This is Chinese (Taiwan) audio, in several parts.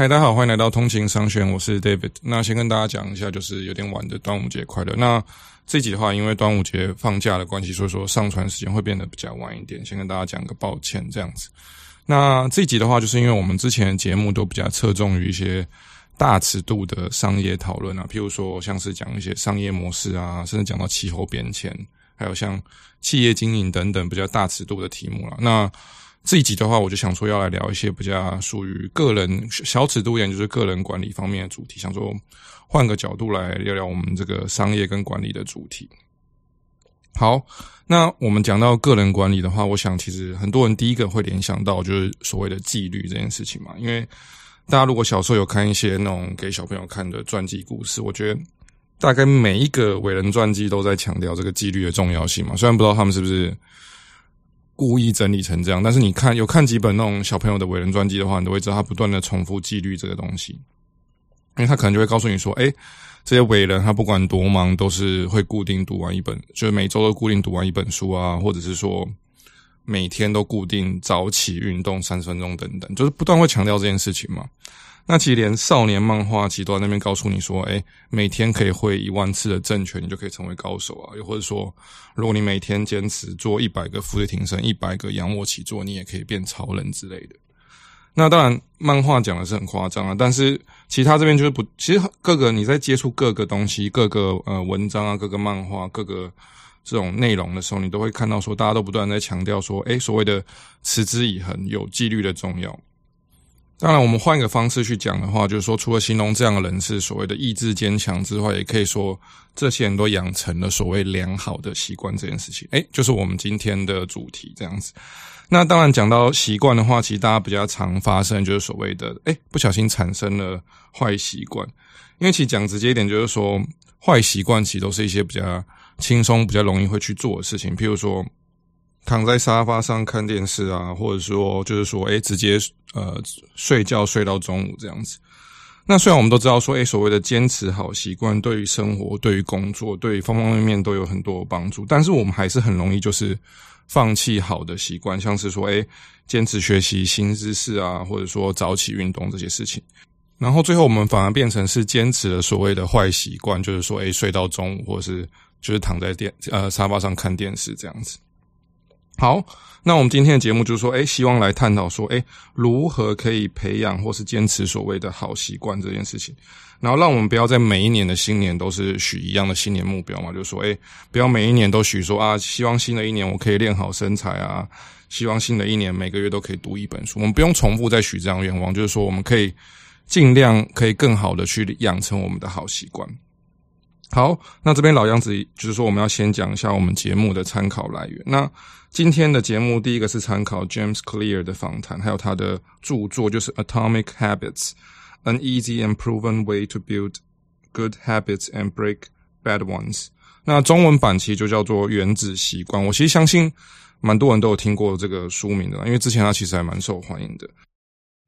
嗨，大家好，歡迎來到通勤商學院，我是 David。那先跟大家講一下，就是有點晚的端午節快樂。那這一集的話，因為端午節放假的關係，所以說上傳時間會變得比較晚一點，先跟大家講個抱歉這樣子。那這一集的話，就是因為我們之前的節目都比較側重於一些大尺度的商業討論啊，譬如說像是講一些商業模式啊，甚至講到氣候變遷，還有像企業經營等等比較大尺度的題目了、啊。那這一集的話，我就想說要來聊一些比較屬於個人小尺度一點，就是個人管理方面的主題。想說換個角度來聊聊我們這個商業跟管理的主題。好，那我們講到個人管理的話，我想其實很多人第一個會聯想到就是所謂的紀律這件事情嘛。因為大家如果小時候有看一些那種給小朋友看的傳記故事，我覺得大概每一個偉人傳記都在強調這個紀律的重要性嘛。雖然不知道他們是不是。故意整理成這樣，但是你看，有看幾本那種小朋友的偉人傳記的話，你都會知道他不斷的重複紀律這個東西，因為他可能就會告訴你說，哎、欸，這些偉人他不管多忙，都是會固定讀完一本，就是每周都固定讀完一本書啊，或者是說每天都固定早起運動三十分鐘等等，就是不斷會強調這件事情嘛。那其實連少年漫畫其實都在那邊告訴你說，哎、欸，每天可以會一萬次的正拳，你就可以成為高手啊。又或者說，如果你每天堅持做一百個俯臥撐、一百個仰臥起坐，你也可以變超人之類的。那當然，漫畫講的是很誇張啊。但是其他這邊就是不，其實各個你在接觸各個東西、各個呃文章啊、各個漫畫、各個這種內容的時候，你都會看到說，大家都不斷在強調說，哎、欸，所謂的持之以恆、有紀律的重要。當然，我們換一個方式去講的話，就是說，除了形容這樣的人是所謂的意志堅強之外，也可以說這些人都養成了所謂良好的習慣。這件事情，欸，就是我們今天的主題這樣子。那當然，講到習慣的話，其實大家比較常發生就是所謂的，欸，不小心產生了壞習慣。因為其實講直接一點，就是說，壞習慣其實都是一些比較輕鬆、比較容易會去做的事情，譬如說。躺在沙發上看電視啊，或者說就是說，哎，直接呃睡覺睡到中午這樣子。那雖然我們都知道說，哎，所謂的堅持好習慣，對於生活、對於工作、對於方方面面都有很多的幫助，但是我們還是很容易就是放棄好的習慣，像是說，哎，堅持學習新知識啊，或者說早起運動這些事情。然後最後我們反而變成是堅持了所謂的壞習慣，就是說，哎，睡到中午，或者是就是躺在電呃沙發上看電視這樣子。好，那我們今天的節目就是說，哎，希望來探討說，哎，如何可以培養或是堅持所謂的好習慣這件事情。然後，讓我們不要在每一年的新年都是許一樣的新年目標嘛，就是說，哎，不要每一年都許說啊，希望新的一年我可以練好身材啊，希望新的一年每個月都可以讀一本書。我們不用重複再許這樣的願望，就是說，我們可以盡量可以更好的去養成我們的好習慣。好，那這邊老樣子，就是說我們要先講一下我們節目的參考來源。那今天的節目第一個是參考 James Clear 的訪談，還有他的著作，就是《Atomic Habits》，An Easy and Proven Way to Build Good Habits and Break Bad Ones。那中文版其實就叫做《原子習慣》。我其實相信蠻多人都有聽過這個書名的，因為之前它其實還蠻受歡迎的。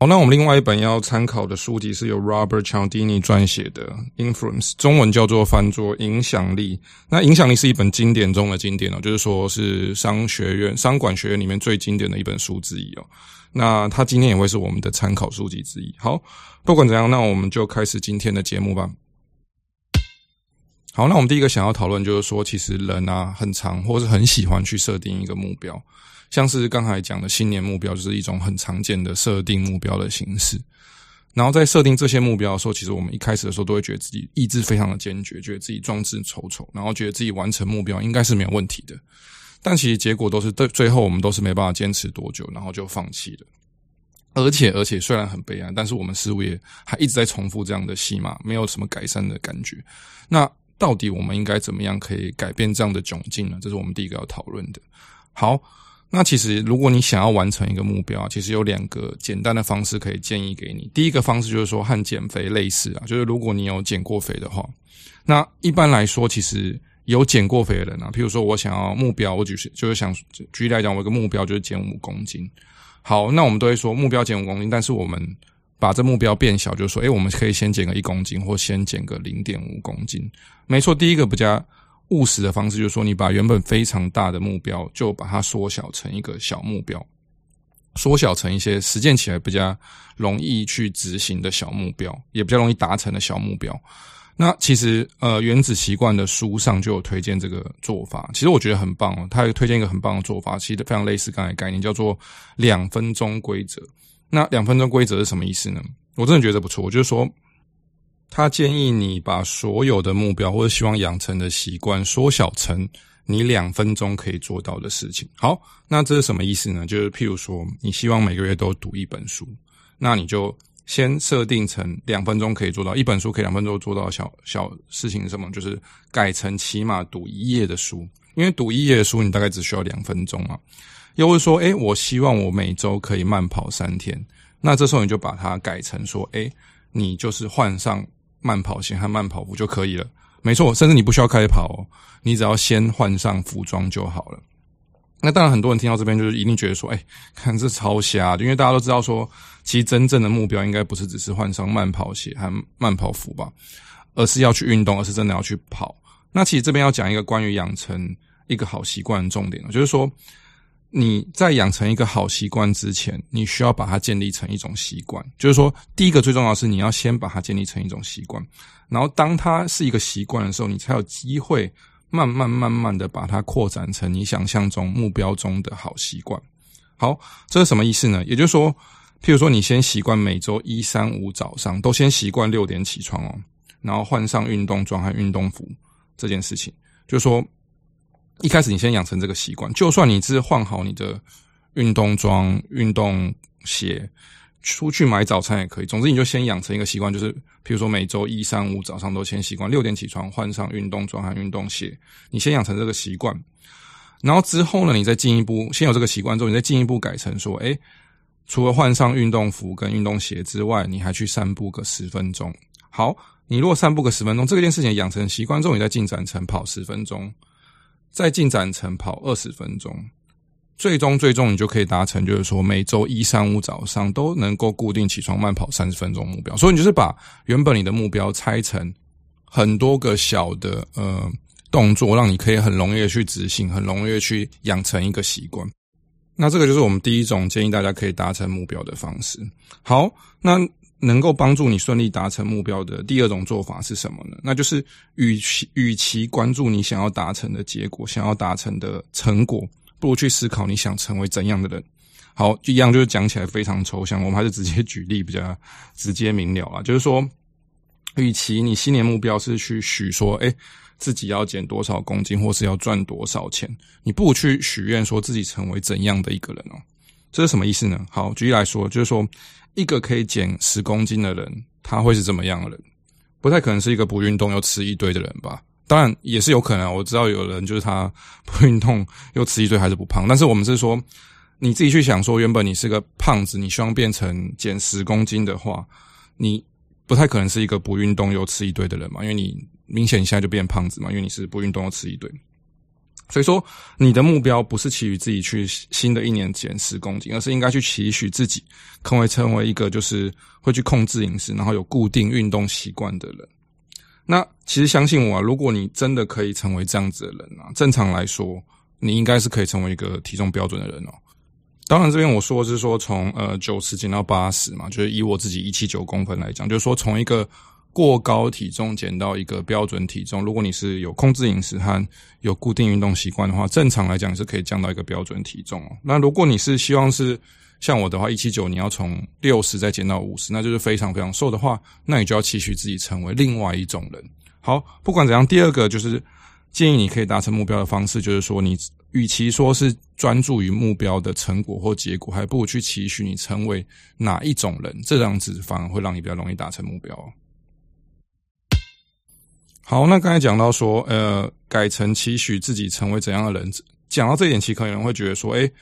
好，那我們另外一本要參考的書籍是由 Robert Cialdini 撰寫的《Influence》，中文叫做《翻作：影響力》。那《影響力》是一本經典中的經典哦，就是說是商學院、商管學院裡面最經典的一本書之一哦。那它今天也會是我們的參考書籍之一。好，不管怎樣，那我們就開始今天的節目吧。好，那我們第一個想要討論就是說，其實人啊，很長，或是很喜歡去設定一個目標。像是剛才講的新年目標，就是一種很常見的設定目標的形式。然後在設定這些目標的時候，其實我們一開始的時候都會覺得自己意志非常的堅決，覺得自己壯志躊躇，然後覺得自己完成目標應該是沒有問題的。但其實結果都是對，最後我們都是沒辦法堅持多久，然後就放棄了。而且而且，雖然很悲哀，但是我們似乎也還一直在重複這樣的戲碼，沒有什麼改善的感覺。那到底我們應該怎麼樣可以改變這樣的窘境呢？這是我們第一個要討論的。好。那其實，如果你想要完成一個目標啊，其實有兩個簡單的方式可以建議給你。第一個方式就是說，和減肥類似啊，就是如果你有減過肥的話，那一般來說，其實有減過肥的人啊，譬如說我想要目標，我就是就是想舉例來講，我一個目標就是減五公斤。好，那我們都會說目標減五公斤，但是我們把這目標變小，就是說，誒，我們可以先減個一公斤，或先減個零點五公斤。沒錯，第一個不加。務實的方式就是說，你把原本非常大的目標，就把它縮小成一個小目標，縮小成一些實踐起來比較容易去執行的小目標，也比較容易達成的小目標。那其實呃，《原子習慣》的書上就有推薦這個做法，其實我覺得很棒哦。他有推薦一個很棒的做法，其實非常類似剛才概念，叫做兩分鐘規則。那兩分鐘規則是什麼意思呢？我真的覺得不錯，我就是說。他建議你把所有的目標或者希望養成的習慣，縮小成你兩分鐘可以做到的事情。好，那這是什麼意思呢？就是譬如說，你希望每個月都讀一本書，那你就先設定成兩分鐘可以做到，一本書可以兩分鐘做到的小。小小事情是什麼？就是改成起碼讀一頁的書，因為讀一頁的書你大概只需要兩分鐘嘛。又會說，哎、欸，我希望我每周可以慢跑三天，那這時候你就把它改成說，哎、欸，你就是換上。慢跑鞋和慢跑服就可以了，沒錯，甚至你不需要開跑，你只要先換上服裝就好了。那當然，很多人聽到這邊就是一定覺得說，哎、欸，看這超瞎的，因為大家都知道說，其實真正的目標應該不是只是換上慢跑鞋和慢跑服吧，而是要去運動，而是真的要去跑。那其實這邊要講一個關於養成一個好習慣的重點，就是說。你在養成一個好習慣之前，你需要把它建立成一種習慣。就是說，第一個最重要的是你要先把它建立成一種習慣，然後當它是一個習慣的時候，你才有機會慢慢慢慢的把它擴展成你想象中目標中的好習慣。好，這是什麼意思呢？也就是說，譬如說，你先習慣每週一、三、五早上都先習慣六點起床哦，然後換上運動裝和運動服這件事情，就是說。一開始你先養成這個習慣，就算你只是換好你的運動裝、運動鞋，出去買早餐也可以。總之，你就先養成一個習慣，就是比如說每周一、三、五早上都先習慣六點起床，換上運動裝和運動鞋，你先養成這個習慣。然後之後呢，你再進一步，先有這個習慣之後，你再進一步改成說，誒，除了換上運動服跟運動鞋之外，你還去散步個十分鐘。好，你如果散步個十分鐘，這件事情養成習慣之後，你再進展成跑十分鐘。在進展層跑二十分鐘，最終最終你就可以達成，就是說每周一、三、五早上都能夠固定起床慢跑三十分鐘目標。所以你就是把原本你的目標拆成很多個小的呃動作，讓你可以很容易的去執行，很容易的去養成一個習慣。那這個就是我們第一種建議，大家可以達成目標的方式。好，那。能夠幫助你順利達成目標的第二種做法是什麼呢？那就是與其與其關注你想要達成的結果、想要達成的成果，不如去思考你想成為怎樣的人。好，一樣就是講起來非常抽象，我們還是直接舉例比較直接明了啊。就是說，與其你新年目標是去許說，欸，自己要減多少公斤，或是要賺多少錢，你不如去許願說自己成為怎樣的一個人哦。這是什麼意思呢？好，舉例來說，就是說一個可以減十公斤的人，他會是怎麼樣的人？不太可能是一個不運動又吃一堆的人吧？當然也是有可能，我知道有人就是他不運動又吃一堆還是不胖，但是我們是說你自己去想說，原本你是個胖子，你希望變成減十公斤的話，你不太可能是一個不運動又吃一堆的人嘛？因為你明顯一下就變胖子嘛，因為你是不運動又吃一堆。所以說，你的目標不是期許自己去新的一年減十公斤，而是應該去期許自己，可以成為一個就是會去控制飲食，然後有固定運動習慣的人。那其實相信我啊，如果你真的可以成為這樣子的人啊，正常來說，你應該是可以成為一個體重標準的人哦。當然，這邊我說的是說從呃九十減到八十嘛，就是以我自己一七九公分來講，就是說從一個，過高體重減到一個標準體重，如果你是有控制飲食和有固定運動習慣的話，正常來講是可以降到一個標準體重哦。那如果你是希望是像我的話，一七九你要從六十再減到五十，那就是非常非常瘦的話，那你就要期許自己成為另外一種人。好，不管怎樣，第二個就是建議你可以達成目標的方式，就是說你與其說是專注於目標的成果或結果，還不如去期許你成為哪一種人，這樣子反而會讓你比較容易達成目標哦。好，那剛才講到說，呃，改成期許自己成為怎樣的人，講到這一點，其實可能有人會覺得說，哎、欸，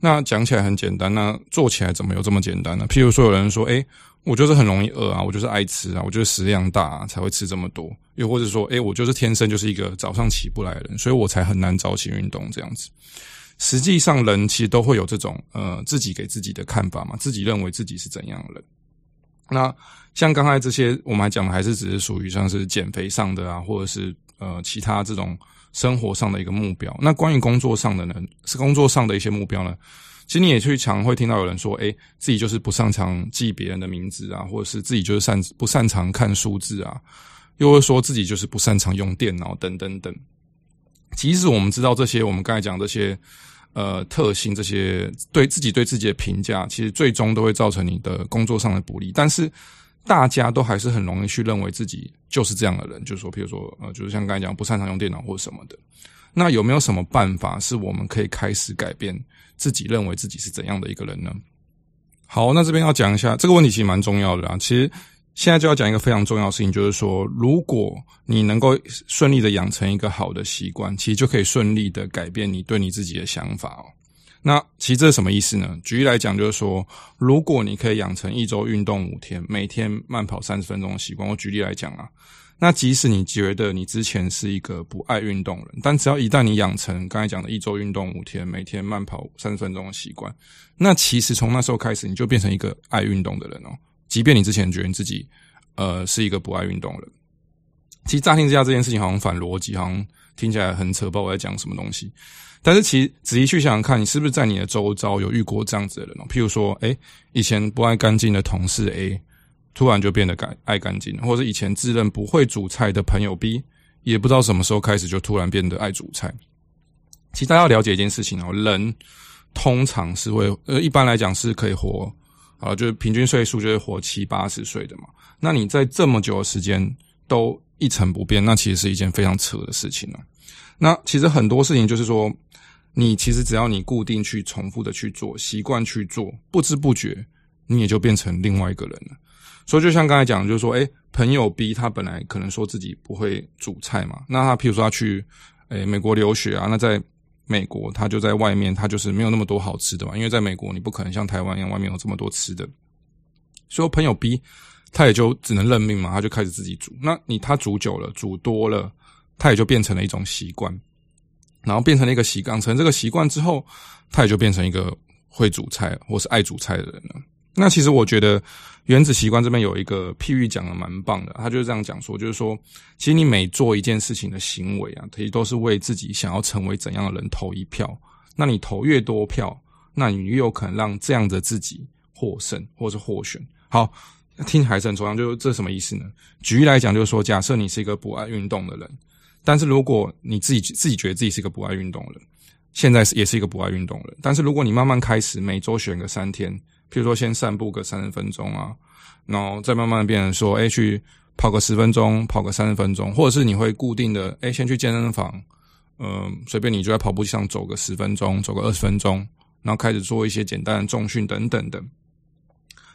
那講起來很簡單，那做起來怎麼有這麼簡單呢？譬如說，有人說，哎、欸，我就是很容易餓啊，我就是愛吃啊，我就是食量大、啊、才會吃這麼多，又或者說，哎、欸，我就是天生就是一個早上起不來的人，所以我才很難早起運動這樣子。實際上，人其實都會有這種，呃，自己給自己的看法嘛，自己認為自己是怎樣的人。那像剛才這些，我們還講的還是只是屬於像是減肥上的啊，或者是呃其他這種生活上的一個目標。那關於工作上的呢？是工作上的一些目標呢？其實你也去常會聽到有人說，誒、欸，自己就是不擅長記別人的名字啊，或者是自己就是擅不擅長看數字啊，又會說自己就是不擅長用電腦等等等。即使我們知道這些，我們剛才講這些。呃，特性，這些對自己對自己的評價，其實最終都會造成你的工作上的不利。但是，大家都還是很容易去認為自己就是這樣的人，就是說，譬如說，呃，就是像剛才講，不擅長用電腦或者什麼的。那有沒有什麼辦法，是我們可以開始改變自己認為自己是怎樣的一個人呢？好，那這邊要講一下這個問題，其實蠻重要的啊。其實。現在就要講一個非常重要的事情，就是說，如果你能夠順利的養成一個好的習慣，其實就可以順利的改變你對你自己的想法哦。那其實這是什麼意思呢？舉例來講，就是說，如果你可以養成一周運動五天，每天慢跑三十分鐘的習慣，我舉例來講啊，那即使你覺得你之前是一個不愛運動的人，但只要一旦你養成剛才講的一周運動五天，每天慢跑三十分鐘的習慣，那其實從那時候開始，你就變成一個愛運動的人哦。即便你之前覺得你自己，呃，是一個不愛運動的人。其實乍聽之下這件事情好像反邏輯，好像聽起來很扯，不知道我在講什麼東西。但是其實仔細去想想看，你是不是在你的周遭有遇過這樣子的人？譬如說，哎，欸，以前不愛乾淨的同事 A，欸，突然就變得愛愛乾淨，或者是以前自認不會煮菜的朋友 B，也不知道什麼時候開始就突然變得愛煮菜。其實大家要了解一件事情哦，人通常是會，呃，一般來講是可以活。好，就是平均歲數就是活七八十歲的嘛。那你在這麼久的時間都一成不變，那其實是一件非常扯的事情了，啊。那其實很多事情就是說，你其實只要你固定去重複的去做，習慣去做，不知不覺你也就變成另外一個人了。所以就像剛才講，就是說，誒、欸、朋友 B 他本來可能說自己不會煮菜嘛，那他譬如說他去，誒、欸、美國留學啊，那在。美國他就在外面，他就是沒有那麼多好吃的嘛，因為在美國你不可能像台灣一樣，外面有這麼多吃的。所以我朋友 B 他也就只能認命嘛，他就開始自己煮。那你他煮久了，煮多了，他也就變成了一種習慣，然後變成了一個習，慣，成這個習慣之後，他也就變成一個會煮菜或是愛煮菜的人了。那其實我覺得原子習慣這邊有一個譬喻講的蠻棒的，他就是這樣講說，就是說，其實你每做一件事情的行為啊，其實都是為自己想要成為怎樣的人投一票。那你投越多票，那你越有可能讓這樣的自己獲勝或是獲選。好，聽還是很抽象，就是這什麼意思呢？舉例來講，就是說，假設你是一個不愛運動的人，但是如果你自己自己覺得自己是一個不愛運動的人，現在也是一個不愛運動的人，但是如果你慢慢開始每周選個三天。比如說，先散步個三十分鐘啊，然後再慢慢變成說，哎、欸，去跑個十分鐘，跑個三十分鐘，或者是你會固定的，哎、欸，先去健身房，嗯、呃，隨便你就在跑步機上走個十分鐘，走個二十分鐘，然後開始做一些簡單的重訓等等等，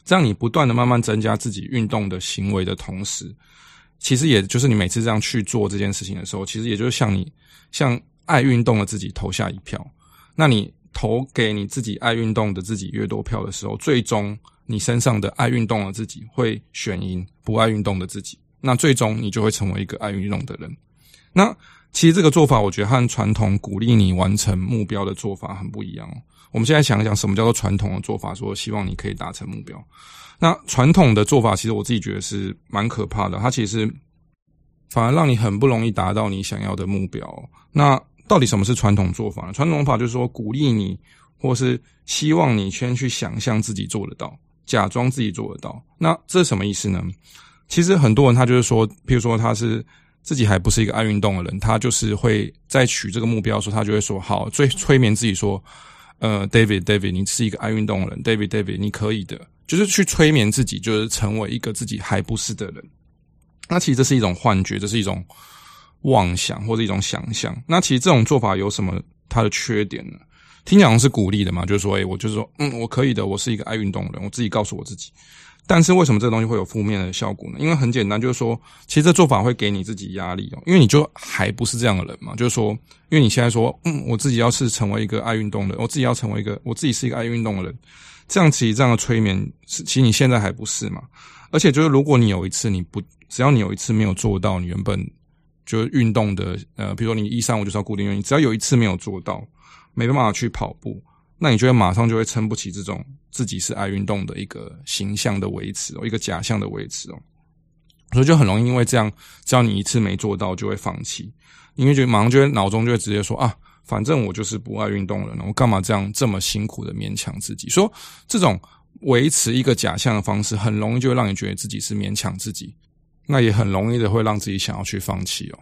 這樣你不斷的慢慢增加自己運動的行為的同時，其實也就是你每次這樣去做這件事情的時候，其實也就是向你向愛運動的自己投下一票，那你。投給你自己愛運動的自己越多票的時候，最終你身上的愛運動的自己會選贏不愛運動的自己，那最終你就會成為一個愛運動的人。那其實這個做法，我覺得和傳統鼓勵你完成目標的做法很不一樣哦。我們現在想一想，什麼叫做傳統的做法？說希望你可以達成目標。那傳統的做法，其實我自己覺得是蠻可怕的，它其實反而讓你很不容易達到你想要的目標哦。那。到底什麼是傳統做法？傳統法就是說，鼓勵你，或是希望你先去想象自己做得到，假裝自己做得到。那這是什麼意思呢？其實很多人他就是說，譬如說他是自己還不是一個愛運動的人，他就是會在取這個目標的時候，他就會說：“好，最催眠自己說，呃，David，David，David, 你是一個愛運動的人，David，David，David, 你可以的。”就是去催眠自己，就是成為一個自己還不是的人。那其實這是一種幻覺，這是一種。妄想或者一種想象，那其實這種做法有什麼它的缺點呢？聽講是鼓勵的嘛，就是說，哎、欸，我就是說，嗯，我可以的，我是一個愛運動的人，我自己告訴我自己。但是為什麼這個東西會有負面的效果呢？因為很簡單，就是說，其實這做法會給你自己壓力哦，因為你就還不是這樣的人嘛，就是說，因為你現在說，嗯，我自己要是成為一個愛運動的人，我自己要成為一個，我自己是一個愛運動的人，這樣其實這樣的催眠，是其實你現在還不是嘛？而且就是如果你有一次你不，只要你有一次沒有做到，你原本。就是運動的，呃，比如說你一三五就是要固定，你只要有一次沒有做到，沒辦法去跑步，那你就會馬上就會撐不起這種自己是愛運動的一個形象的維持哦，一個假象的維持哦，所以就很容易因為這樣，只要你一次沒做到，就會放棄，因為就馬上就會腦中就會直接說啊，反正我就是不愛運動了，我幹嘛這樣這麼辛苦的勉強自己？說這種維持一個假象的方式，很容易就會讓你覺得自己是勉強自己。那也很容易的會讓自己想要去放棄哦。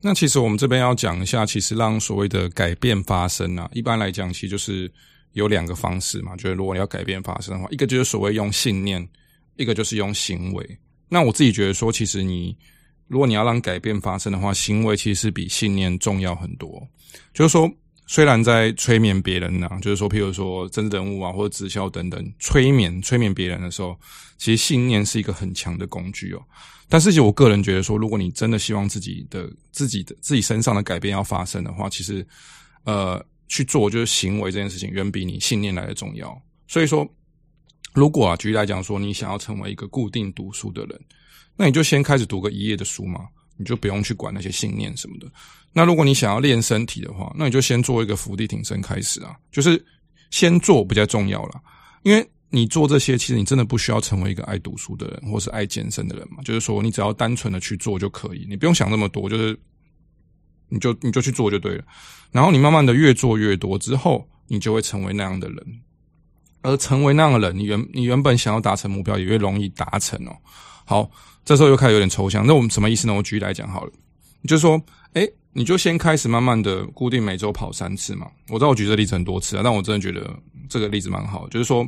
那其實我們這邊要講一下，其實讓所謂的改變發生啊，一般來講其實就是有兩個方式嘛。就是如果你要改變發生的話，一個就是所謂用信念，一個就是用行為。那我自己覺得說，其實你如果你要讓改變發生的話，行為其實比信念重要很多。就是說。雖然在催眠別人呢、啊，就是說，譬如說政治人物啊，或者直銷等等，催眠催眠別人的時候，其實信念是一個很強的工具哦。但是其實我個人覺得說，如果你真的希望自己的自己的自己身上的改變要發生的話，其實，呃，去做就是行為這件事情遠比你信念來得重要。所以說，如果啊，舉例來講說，你想要成為一個固定讀書的人，那你就先開始讀個一頁的書嘛。你就不用去管那些信念什麼的。那如果你想要練身體的話，那你就先做一個伏地挺身開始啊，就是先做比較重要啦。因為你做這些，其實你真的不需要成為一個愛讀書的人，或是愛健身的人嘛。就是說，你只要單純的去做就可以，你不用想那麼多，就是你就你就去做就對了。然後你慢慢的越做越多之後，你就會成為那樣的人，而成為那樣的人，你原你原本想要達成目標也越容易達成哦。好。這時候又開始有點抽象，那我們什麼意思呢？我舉例來講好了，你就說，誒，你就先開始慢慢的固定每周跑三次嘛。我知道我舉這例子很多次啊，但我真的覺得這個例子蠻好的，就是說，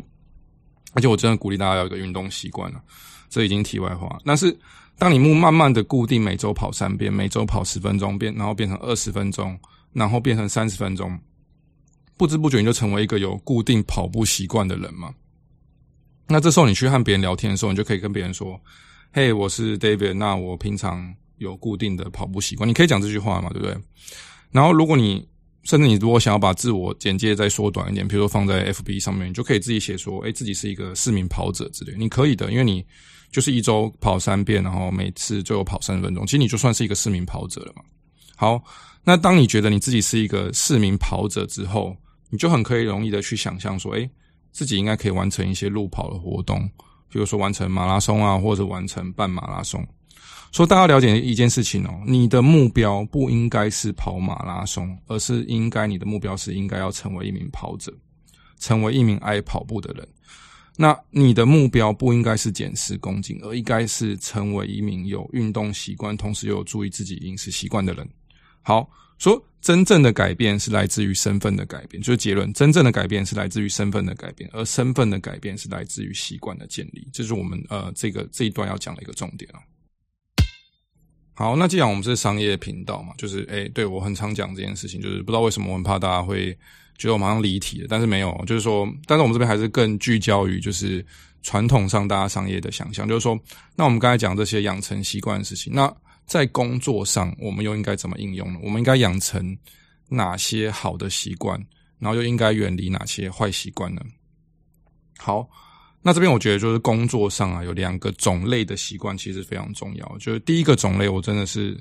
而且我真的鼓勵大家要有一個運動習慣了，啊，這已經題外話。但是當你慢慢慢的固定每周跑三遍，每周跑十分鐘變然後變成二十分鐘，然後變成三十分鐘，不知不覺你就成為一個有固定跑步習慣的人嘛。那這時候你去和別人聊天的時候，你就可以跟別人說。嘿，我是 David。那我平常有固定的跑步習慣，你可以講這句話嘛，對不對？然後，如果你甚至你如果想要把自我簡介再縮短一點，比如說放在 FB 上面，你就可以自己寫說：“欸，自己是一個市民跑者”之類的。你可以的，因為你就是一周跑三遍，然後每次最後跑三十分鐘，其實你就算是一個市民跑者了嘛。好，那當你覺得你自己是一個市民跑者之後，你就很可以容易的去想象說：“欸，自己應該可以完成一些路跑的活動。”比如說完成馬拉松啊，或者完成半馬拉松。說大家了解一件事情哦，你的目標不應該是跑馬拉松，而是應該你的目標是應該要成為一名跑者，成為一名愛跑步的人。那你的目標不應該是減十公斤，而應該是成為一名有運動習慣，同時又有注意自己飲食習慣的人。好。說真正的改變是來自於身份的改變，就是結論。真正的改變是來自於身份的改變，而身份的改變是來自於習慣的建立，這是我們呃這個這一段要講的一個重點。好，那既然我們是商業頻道嘛，就是哎、欸，對我很常講這件事情，就是不知道為什麼我很怕大家會覺得我們好像離題了，但是沒有，就是說，但是我們這邊還是更聚焦於就是傳統上大家商業的想象，就是說，那我們剛才講這些養成習慣的事情，那。在工作上，我們又應該怎麼應用呢？我們應該養成哪些好的習慣，然後又應該遠離哪些壞習慣呢？好，那這邊我覺得就是工作上啊，有兩個種類的習慣其實非常重要。就是第一個種類，我真的是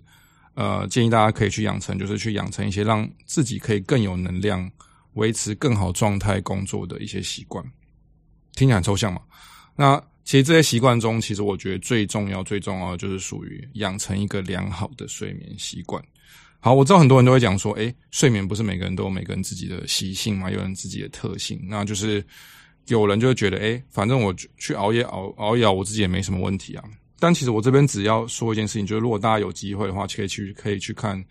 呃建議大家可以去養成，就是去養成一些讓自己可以更有能量、維持更好狀態工作的一些習慣。聽起來很抽象嘛。那其實這些習慣中，其實我覺得最重要、最重要的就是屬於養成一個良好的睡眠習慣。好，我知道很多人都會講說，誒、欸、睡眠不是每個人都有，每個人自己的習性嘛，有人自己的特性，那就是有人就會覺得，誒、欸、反正我去熬夜熬熬夜，熬熬夜熬，我自己也沒什麼問題啊。但其實我這邊只要說一件事情，就是如果大家有機會的話，可以去可以去看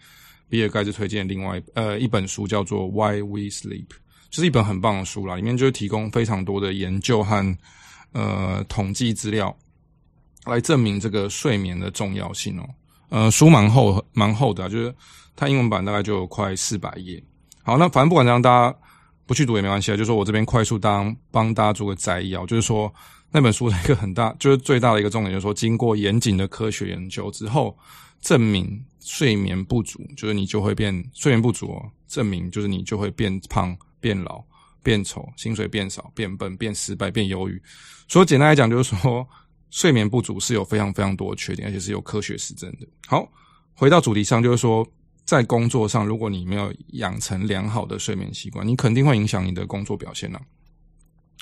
比爾蓋茨推薦另外呃一本書，叫做《Why We Sleep》就，這是一本很棒的書啦，裡面就是提供非常多的研究和。呃，統計資料來證明這個睡眠的重要性哦。呃，書蠻厚，蠻厚的啊，就是它英文版大概就有快四百頁。好，那反正不管怎樣，大家不去讀也沒關係啊。就是說我這邊快速當幫大家做個摘要，就是說那本書的一個很大，就是最大的一個重點，就是說經過嚴謹的科學研究之後，證明睡眠不足，就是你就會變，睡眠不足哦。證明就是你就會變胖、變老。變醜，薪水變少，變笨，變失敗，變憂鬱。所以簡單來講，就是說睡眠不足是有非常非常多的缺點，而且是有科學實證的。好，回到主題上，就是說在工作上，如果你沒有養成良好的睡眠習慣，你肯定會影響你的工作表現了、啊。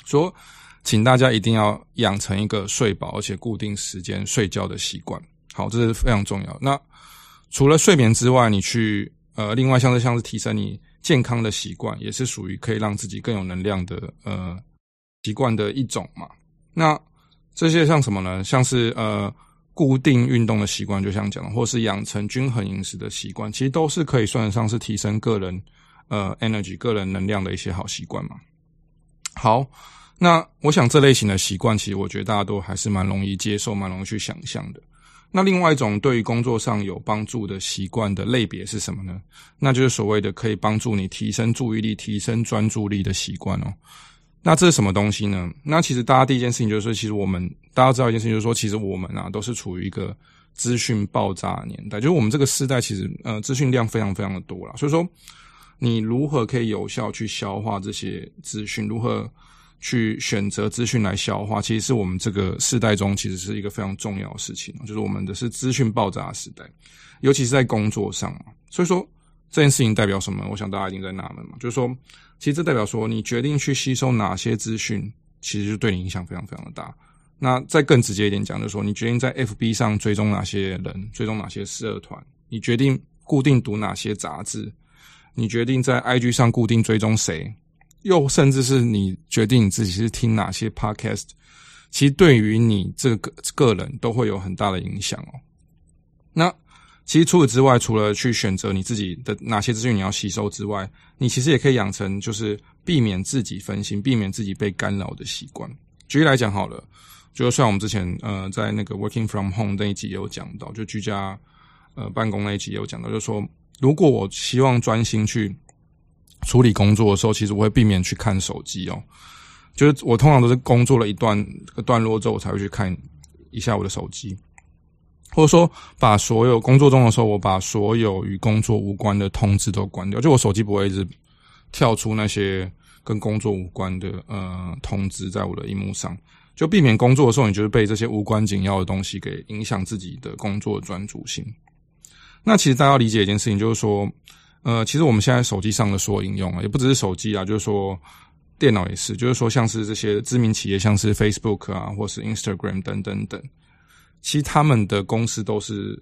說，請大家一定要養成一個睡飽而且固定時間睡覺的習慣。好，這是非常重要。那除了睡眠之外，你去呃，另外像這像是提升你。健康的習慣也是屬於可以讓自己更有能量的呃習慣的一種嘛。那這些像什麼呢？像是呃固定運動的習慣，就像講，或是養成均衡飲食的習慣，其實都是可以算得上是提升個人呃 energy、個人能量的一些好習慣嘛。好，那我想這類型的習慣，其實我覺得大家都還是蠻容易接受、蠻容易去想象的。那另外一種對於工作上有幫助的習慣的類別是什麼呢？那就是所謂的可以幫助你提升注意力、提升專注力的習慣哦。那這是什麼東西呢？那其實大家第一件事情就是說，其實我們大家知道一件事情，就是說，其實我們啊都是處於一個資訊爆炸的年代，就是我們這個時代其實呃資訊量非常非常的多啦。所以說，你如何可以有效去消化這些資訊？如何？去選擇資訊來消化，其實是我們這個世代中其實是一個非常重要的事情。就是我們的是資訊爆炸的時代，尤其是在工作上嘛。所以說這件事情代表什麼？我想大家一定在納悶嘛。就是說，其實這代表說，你決定去吸收哪些資訊，其實就對你影響非常非常的大。那再更直接一點講，就是說，你決定在 FB 上追蹤哪些人，追蹤哪些社團，你決定固定讀哪些雜誌，你決定在 IG 上固定追蹤誰。又甚至是你決定你自己是聽哪些 podcast，其實對於你這個個人都會有很大的影響哦。那其實除此之外，除了去選擇你自己的哪些資訊你要吸收之外，你其實也可以養成就是避免自己分心、避免自己被干擾的習慣。舉例來講好了，就像我們之前呃在那個 working from home 那一集也有講到，就居家呃辦公那一集也有講到，就是說，如果我希望專心去。處理工作的時候，其實我會避免去看手機哦。就是我通常都是工作了一段段落之後，我才會去看一下我的手機，或者說把所有工作中的時候，我把所有與工作無關的通知都關掉，就我手機不會一直跳出那些跟工作無關的呃通知在我的熒幕上，就避免工作的時候，你就是被這些無關緊要的東西給影響自己的工作專注性。那其實大家要理解一件事情，就是說。呃，其實我們現在手機上的所有應用啊，也不只是手機啊，就是說電腦也是，就是說像是這些知名企業，像是 Facebook 啊，或是 Instagram 等等等，其實他們的公司都是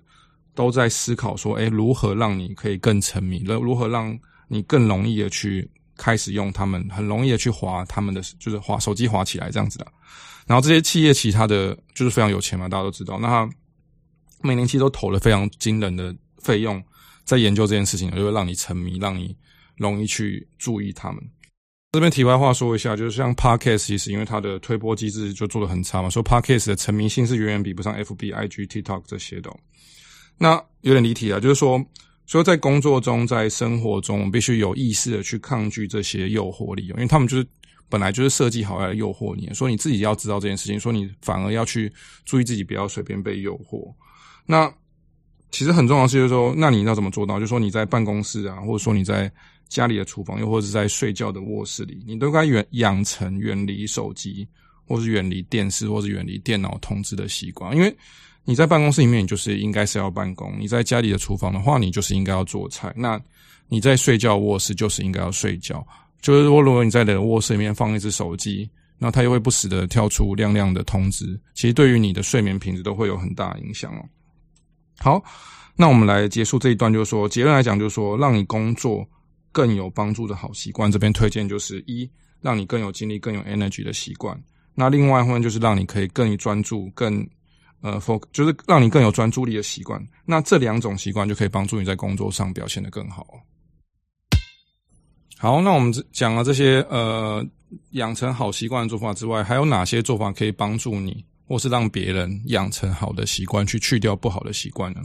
都在思考說，哎，如何讓你可以更沉迷，如何讓你更容易的去開始用他們，很容易的去滑他們的，就是滑手機滑起來這樣子的啊。然後這些企業，其他的就是非常有錢嘛，大家都知道，那他每年其實都投了非常驚人的費用。在研究這件事情，就會讓你沉迷，讓你容易去注意他們。這邊題外話說一下，就是像 Podcast，其實因為它的推播機制就做得很差嘛，所以 Podcast 的沉迷性是遠遠比不上 FB、IG、TikTok 這些的。那有點離題了，就是說，所以在工作中，在生活中，我們必須有意識的去抗拒這些誘惑力，因為他們就是本來就是設計好來誘惑你。說你自己要知道這件事情，說你反而要去注意自己，不要隨便被誘惑。那。其實很重要的是，就是說，那你要怎麼做到？就是說你在辦公室啊，或者說你在家裡的廚房，又或者是在睡覺的臥室裡，你都該遠養成遠離手機，或是遠離電視，或是遠離電腦通知的習慣。因為你在辦公室裡面，你就是應該是要辦公；你在家裡的廚房的話，你就是應該要做菜；那你在睡覺臥室，就是應該要睡覺。就是說，如果你在你的臥室裡面放一隻手機，那它又會不時的跳出亮亮的通知，其實對於你的睡眠品質都會有很大影響哦。好，那我們來結束這一段，就是說，結論來講，就是說，讓你工作更有幫助的好習慣，這邊推薦就是一，讓你更有精力、更有 energy 的習慣；那另外一方面就是讓你可以更專注、更呃 focus，就是讓你更有專注力的習慣。那這兩種習慣就可以幫助你在工作上表現得更好。好，那我們講了這些呃，養成好習慣的做法之外，還有哪些做法可以幫助你？或是讓別人養成好的習慣，去去掉不好的習慣呢？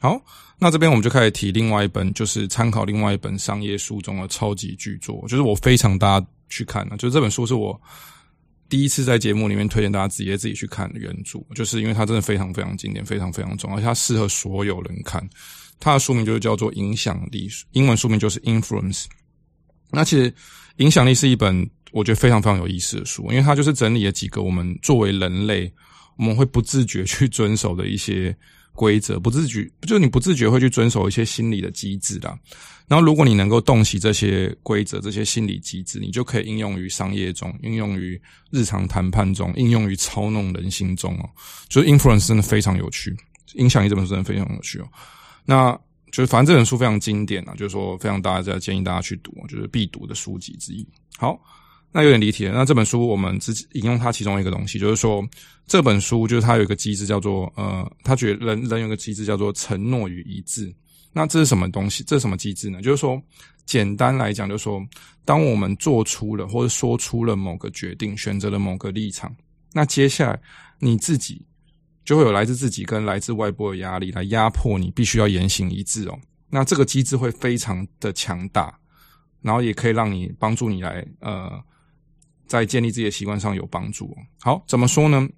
好，那這邊我們就開始提另外一本，就是參考另外一本商業書中的超級鉅作，就是我非常大家去看的，就是這本書是我第一次在節目裡面推薦大家直接自己去看的原著，就是因為它真的非常非常經典，非常非常重要，而且它適合所有人看。它的書名就是叫做《影響力》，英文書名就是 "Influence"。那其實《影響力》是一本。我覺得非常非常有意思的書，因為它就是整理了幾個我們作為人類，我們會不自覺去遵守的一些規則，不自覺就是你不自覺會去遵守一些心理的機制的。然後，如果你能夠洞悉這些規則、這些心理機制，你就可以應用於商業中、應用於日常談判中、應用於操弄人心中哦。就是《Influence》真的非常有趣，《影響力》這本書真的非常有趣哦。那就是反正這本書非常經典啊，就是說非常大家建議大家去讀，就是必讀的書籍之一。好。那有點離題了。那這本書，我們只引用它其中一個東西，就是說這本書就是它有一個機制叫做呃，他覺得人人有一個機制叫做承諾與一致。那這是什麼東西？這是什麼機制呢？就是說，簡單來講，就是說，當我們做出了或者說出了某個決定，選擇了某個立場，那接下來你自己就會有來自自己跟來自外部的壓力來壓迫你，必須要言行一致哦。那這個機制會非常的強大，然後也可以讓你幫助你來呃。在建立自己的習慣上有幫助。好，怎麼說呢？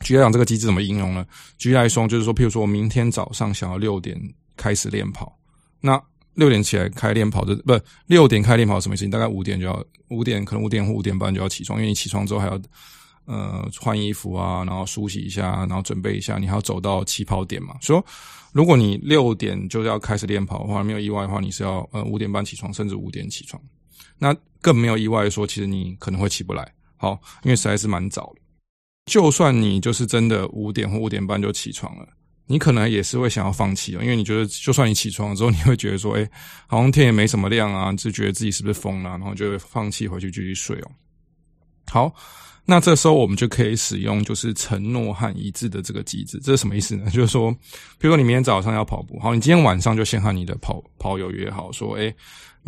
舉例講這個機制怎麼應用呢？舉例來說，就是說，譬如說我明天早上想要六點開始練跑，那六點起來開練跑的，不，六點開練跑是什麼事情？大概五點就要，五點可能五點或五點半就要起床，因為你起床之後還要呃換衣服啊，然後梳洗一下，然後準備一下，你還要走到起跑點嘛。所以說，如果你六點就要開始練跑的話，沒有意外的話，你是要呃五點半起床，甚至五點起床。那更沒有意外說，其實你可能會起不來。好，因為實在是蠻早的。就算你就是真的五點或五點半就起床了，你可能也是會想要放棄哦，因為你覺得，就算你起床了之後，你會覺得說，誒，好像天也沒什麼亮啊，就覺得自己是不是瘋了，然後就會放棄回去繼續睡哦。好，那這時候我們就可以使用就是承諾和一致的這個機制。這是什麼意思呢？就是說，比如說你明天早上要跑步，好，你今天晚上就先和你的跑跑友約好，說，誒。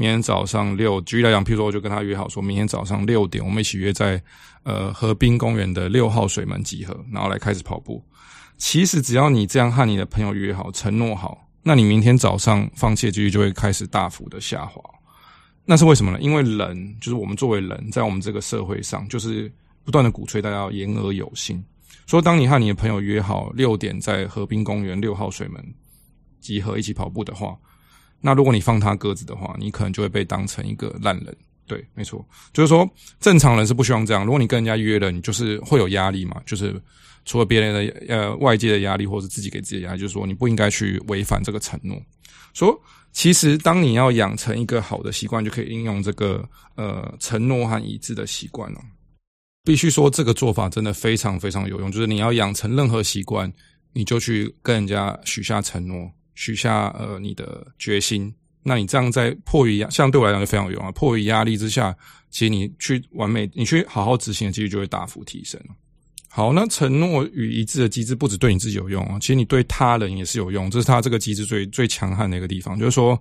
明天早上六，舉例來講，譬如說，我就跟他約好，說明天早上六點，我們一起約在呃河濱公園的六號水門集合，然後來開始跑步。其實只要你這樣和你的朋友約好、承諾好，那你明天早上放棄的幾率就會開始大幅的下滑。那是為什麼呢？因為人就是我們作為人在我們這個社會上，就是不斷的鼓吹大家要言而有信。說當你和你的朋友約好六點在河濱公園六號水門集合一起跑步的話。那如果你放他鴿子的話，你可能就會被當成一個爛人。對，沒錯，就是說正常人是不希望這樣。如果你跟人家約了，你就是會有壓力嘛，就是除了別人的呃外界的壓力，或者是自己給自己的壓力，就是說你不應該去違反這個承諾。說其實當你要養成一個好的習慣，就可以應用這個呃承諾和一致的習慣哦。必須說這個做法真的非常非常有用，就是你要養成任何習慣，你就去跟人家許下承諾。許下呃你的決心，那你這樣在迫於壓，這對我來講就非常有用啊。迫於壓力之下，其實你去完美，你去好好執行的幾率就會大幅提升。好，那承諾與一致的機制，不止對你自己有用啊，其實你對他人也是有用。這是他這個機制最最強悍的一個地方，就是說，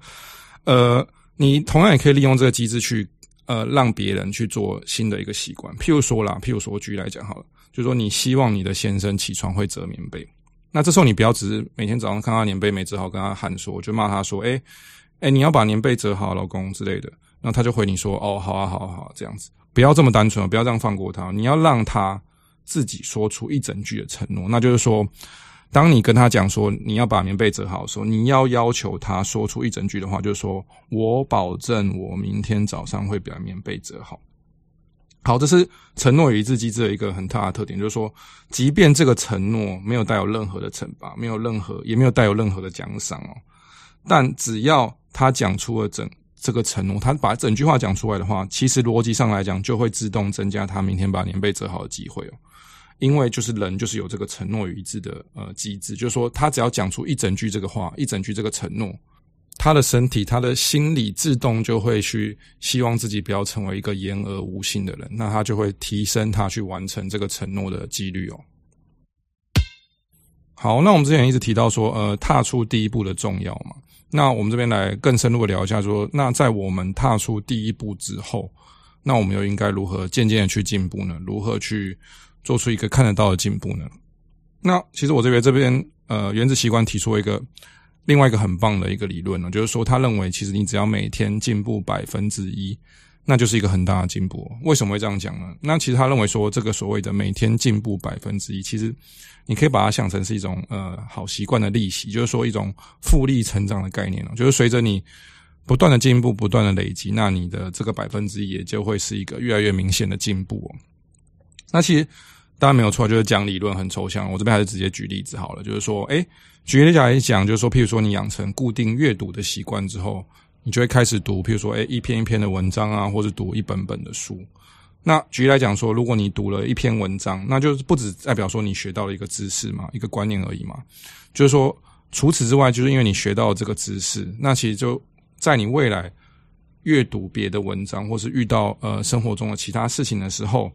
呃，你同樣也可以利用這個機制去，呃，讓別人去做新的一個習慣。譬如說啦，譬如說舉例來講好了，就是說你希望你的先生起床會折棉被。那這時候你不要只是每天早上看到棉被沒折好跟他喊說，我就罵他說，哎、欸，哎、欸，你要把棉被折好，老公之類的。然後他就回你說，哦，好啊，好啊，好啊，這樣子。不要這麼單純，不要這樣放過他。你要讓他自己說出一整句的承諾，那就是說，當你跟他講說你要把棉被折好的時候，你要要求他說出一整句的話，就是說我保證我明天早上會把棉被折好。好，這是承諾與一致機制的一個很大的特點，就是說，即便這個承諾沒有帶有任何的懲罰，沒有任何，也沒有帶有任何的獎賞哦，但只要他講出了整這個承諾，他把整句話講出來的話，其實邏輯上來講，就會自動增加他明天把棉被折好的機會哦，因為就是人就是有這個承諾與一致的呃機制，就是說，他只要講出一整句這個話，一整句這個承諾。他的身體，他的心理自動就會去希望自己不要成為一個言而無信的人，那他就會提升他去完成這個承諾的幾率哦。好，那我們之前一直提到說，呃，踏出第一步的重要嘛，那我們這邊來更深入的聊一下說，那在我們踏出第一步之後，那我們又應該如何漸漸的去進步呢？如何去做出一個看得到的進步呢？那其實我這邊這邊呃，原子習慣提出一個。另外一個很棒的一個理論呢，就是說他認為，其實你只要每天進步百分之一，那就是一個很大的進步。為什麼會這樣講呢？那其實他認為說，這個所謂的每天進步百分之一，其實你可以把它想成是一種呃好習慣的利息，就是說一種複利成長的概念，就是隨着你不斷的進步、不斷的累積，那你的這個百分之一也就會是一個越來越明顯的進步哦。那其實。當然沒有錯，就是講理論很抽象。我這邊還是直接舉例子好了，就是說，哎，舉例子來講，就是說，譬如說，你養成固定閱讀的習慣之後，你就會開始讀，譬如說，哎，一篇一篇的文章啊，或者讀一本本的書。那舉例來講說，如果你讀了一篇文章，那就是不只代表說你學到了一個知識嘛，一個觀念而已嘛。就是說，除此之外，就是因為你學到了這個知識，那其實就在你未來閱讀別的文章，或是遇到呃生活中的其他事情的時候。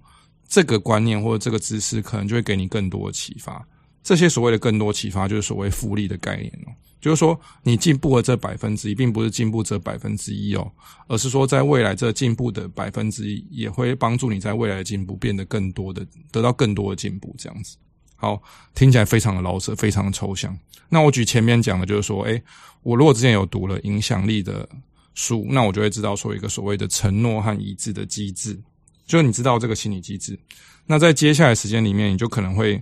這個觀念或者這個知識，可能就會給你更多的啟發。這些所謂的更多啟發，就是所謂複利的概念哦，就是說你進步了這百分之一，並不是進步這百分之一哦，而是說在未來這進步的百分之一，也會幫助你在未來的進步變得更多的，得到更多的進步這樣子。好，聽起來非常的老舍，非常的抽象。那我舉前面講的，就是說，哎，我如果之前有讀了影響力的書，那我就會知道說一個所謂的承諾和一致的機制。就你知道這個心理機制，那在接下來時間裡面，你就可能會，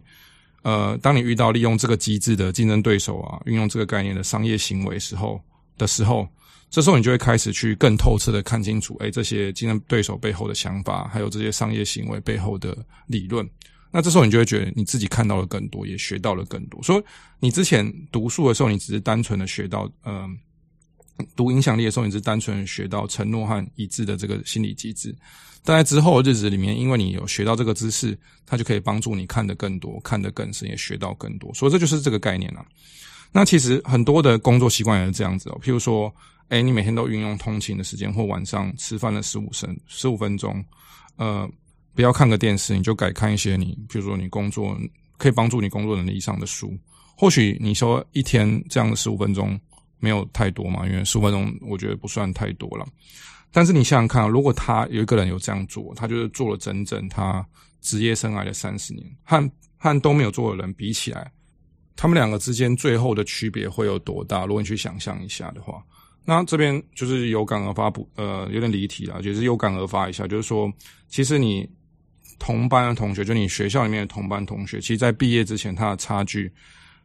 呃，當你遇到利用這個機制的競爭對手啊，運用這個概念的商業行為時候的時候，這時候你就會開始去更透徹的看清楚，哎，這些競爭對手背後的想法，還有這些商業行為背後的理論。那這時候你就會覺得你自己看到了更多，也學到了更多。所以你之前讀書的時候，你只是單純的學到，呃。讀影響力的時候，你是單純學到承諾和一致的這個心理機制。但在之後的日子裡面，因為你有學到這個知識，它就可以幫助你看得更多，看得更深，也學到更多。所以這就是這個概念了啊。那其實很多的工作習慣也是這樣子哦。譬如說，哎，你每天都運用通勤的時間或晚上吃飯的十五分十五分鐘，呃，不要看個電視，你就改看一些你，譬如說你工作可以幫助你工作能力以上的書。或許你說一天這樣的十五分鐘，沒有太多嘛，因為十五分鐘我覺得不算太多了。但是你想想看，啊，如果他有一個人有這樣做，他就是做了整整他職業生涯的三十年，和和都沒有做的人比起來，他們兩個之間最後的區別會有多大？如果你去想象一下的話，那這邊就是有感而發，不呃有點離題了，就是有感而發一下，就是說，其實你同班的同學，就你學校裡面的同班同學，其實在畢業之前，他的差距。